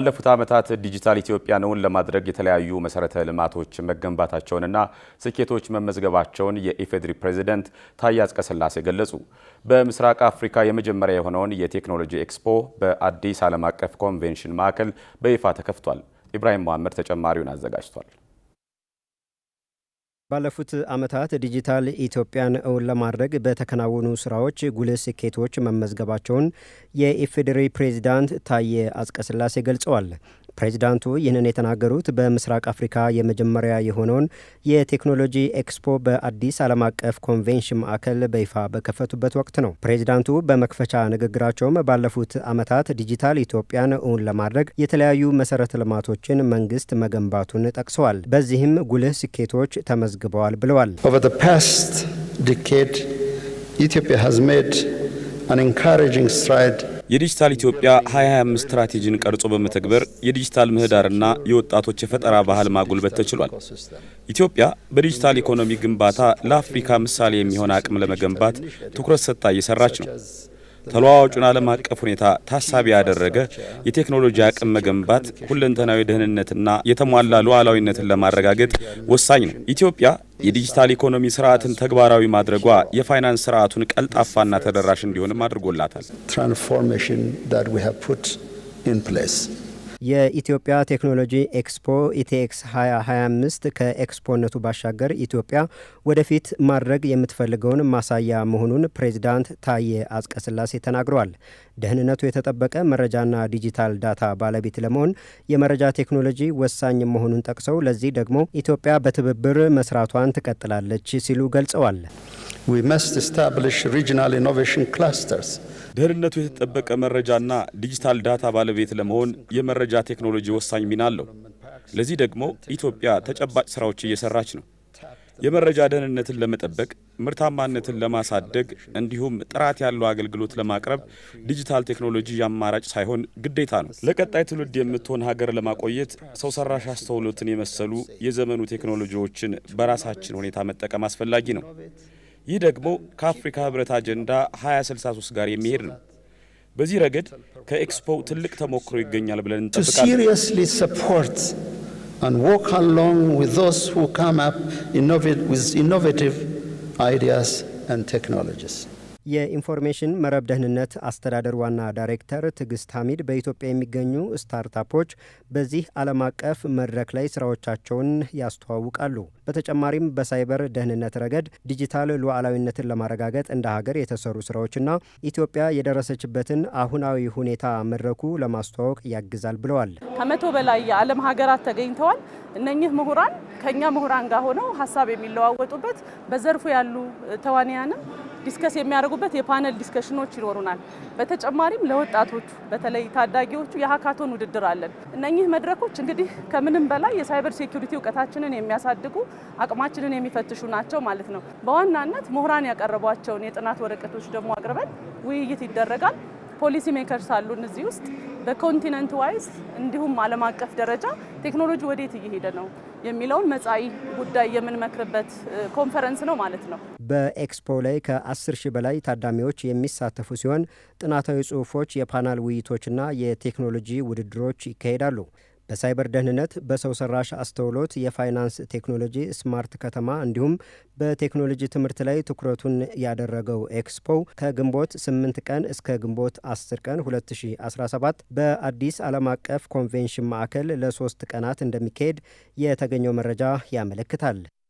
ባለፉት ዓመታት ዲጂታል ኢትዮጵያን እውን ለማድረግ የተለያዩ መሰረተ ልማቶች መገንባታቸውንና ስኬቶች መመዝገባቸውን የኢፌዴሪ ፕሬዚደንት ታዬ አጽቀሥላሴ ገለጹ። በምስራቅ አፍሪካ የመጀመሪያ የሆነውን የቴክኖሎጂ ኤክስፖ በአዲስ ዓለም አቀፍ ኮንቬንሽን ማዕከል በይፋ ተከፍቷል። ኢብራሂም መሐመድ ተጨማሪውን አዘጋጅቷል። ባለፉት ዓመታት ዲጂታል ኢትዮጵያን እውን ለማድረግ በተከናወኑ ስራዎች ጉልህ ስኬቶች መመዝገባቸውን የኢፌዴሪ ፕሬዚዳንት ታዬ አጽቀሥላሴ ገልጸዋል። ፕሬዚዳንቱ ይህንን የተናገሩት በምስራቅ አፍሪካ የመጀመሪያ የሆነውን የቴክኖሎጂ ኤክስፖ በአዲስ ዓለም አቀፍ ኮንቬንሽን ማዕከል በይፋ በከፈቱበት ወቅት ነው። ፕሬዚዳንቱ በመክፈቻ ንግግራቸውም ባለፉት ዓመታት ዲጂታል ኢትዮጵያን እውን ለማድረግ የተለያዩ መሰረተ ልማቶችን መንግስት መገንባቱን ጠቅሰዋል። በዚህም ጉልህ ስኬቶች ተመዝግበዋል ብለዋል። ኢትዮጵያ has ሜድ አን ኢንካሬጂንግ ስትራይድ የዲጂታል ኢትዮጵያ 2025 ስትራቴጂን ቀርጾ በመተግበር የዲጂታል ምህዳርና የወጣቶች የፈጠራ ባህል ማጎልበት ተችሏል። ኢትዮጵያ በዲጂታል ኢኮኖሚ ግንባታ ለአፍሪካ ምሳሌ የሚሆን አቅም ለመገንባት ትኩረት ሰጥታ እየሰራች ነው። ተለዋዋጩን ዓለም አቀፍ ሁኔታ ታሳቢ ያደረገ የቴክኖሎጂ አቅም መገንባት ሁለንተናዊ ደህንነትና የተሟላ ሉዓላዊነትን ለማረጋገጥ ወሳኝ ነው። ኢትዮጵያ የዲጂታል ኢኮኖሚ ስርዓትን ተግባራዊ ማድረጓ የፋይናንስ ስርዓቱን ቀልጣፋና ተደራሽ እንዲሆንም አድርጎላታል። የኢትዮጵያ ቴክኖሎጂ ኤክስፖ ኢቴክስ 2025 ከኤክስፖነቱ ባሻገር ኢትዮጵያ ወደፊት ማድረግ የምትፈልገውን ማሳያ መሆኑን ፕሬዚዳንት ታዬ አጽቀሥላሴ ተናግረዋል። ደህንነቱ የተጠበቀ መረጃና ዲጂታል ዳታ ባለቤት ለመሆን የመረጃ ቴክኖሎጂ ወሳኝ መሆኑን ጠቅሰው ለዚህ ደግሞ ኢትዮጵያ በትብብር መስራቷን ትቀጥላለች ሲሉ ገልጸዋል። ደህንነቱ የተጠበቀ መረጃና ዲጂታል ዳታ ባለቤት ለመሆን የመረጃ ቴክኖሎጂ ወሳኝ ሚና አለው። ለዚህ ደግሞ ኢትዮጵያ ተጨባጭ ስራዎች እየሰራች ነው። የመረጃ ደህንነትን ለመጠበቅ፣ ምርታማነትን ለማሳደግ እንዲሁም ጥራት ያለው አገልግሎት ለማቅረብ ዲጂታል ቴክኖሎጂ አማራጭ ሳይሆን ግዴታ ነው። ለቀጣይ ትውልድ የምትሆን ሀገር ለማቆየት ሰው ሰራሽ አስተውሎትን የመሰሉ የዘመኑ ቴክኖሎጂዎችን በራሳችን ሁኔታ መጠቀም አስፈላጊ ነው። ይህ ደግሞ ከአፍሪካ ህብረት አጀንዳ 2063 ጋር የሚሄድ ነው። በዚህ ረገድ ከኤክስፖ ትልቅ ተሞክሮ ይገኛል ብለን እንጠብቃለን። የኢንፎርሜሽን መረብ ደህንነት አስተዳደር ዋና ዳይሬክተር ትዕግስት ሐሚድ በኢትዮጵያ የሚገኙ ስታርታፖች በዚህ ዓለም አቀፍ መድረክ ላይ ስራዎቻቸውን ያስተዋውቃሉ። በተጨማሪም በሳይበር ደህንነት ረገድ ዲጂታል ሉዓላዊነትን ለማረጋገጥ እንደ ሀገር የተሰሩ ስራዎችና ኢትዮጵያ የደረሰችበትን አሁናዊ ሁኔታ መድረኩ ለማስተዋወቅ ያግዛል ብለዋል። ከመቶ በላይ የዓለም ሀገራት ተገኝተዋል። እነኚህ ምሁራን ከእኛ ምሁራን ጋር ሆነው ሀሳብ የሚለዋወጡበት በዘርፉ ያሉ ተዋንያንም ዲስከስ የሚያደርጉበት የፓነል ዲስከሽኖች ይኖሩናል። በተጨማሪም ለወጣቶቹ በተለይ ታዳጊዎቹ የሀካቶን ውድድር አለን። እነኚህ መድረኮች እንግዲህ ከምንም በላይ የሳይበር ሴኩሪቲ እውቀታችንን የሚያሳድጉ አቅማችንን የሚፈትሹ ናቸው ማለት ነው። በዋናነት ምሁራን ያቀረቧቸውን የጥናት ወረቀቶች ደግሞ አቅርበን ውይይት ይደረጋል። ፖሊሲ ሜከርስ አሉን እዚህ ውስጥ በኮንቲነንት ዋይዝ እንዲሁም ዓለም አቀፍ ደረጃ ቴክኖሎጂ ወዴት እየሄደ ነው የሚለውን መጻኢ ጉዳይ የምንመክርበት ኮንፈረንስ ነው ማለት ነው። በኤክስፖ ላይ ከ10 ሺህ በላይ ታዳሚዎች የሚሳተፉ ሲሆን ጥናታዊ ጽሁፎች የፓናል ውይይቶችና የቴክኖሎጂ ውድድሮች ይካሄዳሉ። በሳይበር ደህንነት፣ በሰው ሰራሽ አስተውሎት፣ የፋይናንስ ቴክኖሎጂ፣ ስማርት ከተማ እንዲሁም በቴክኖሎጂ ትምህርት ላይ ትኩረቱን ያደረገው ኤክስፖ ከግንቦት 8 ቀን እስከ ግንቦት 10 ቀን 2017 በአዲስ ዓለም አቀፍ ኮንቬንሽን ማዕከል ለሶስት ቀናት እንደሚካሄድ የተገኘው መረጃ ያመለክታል።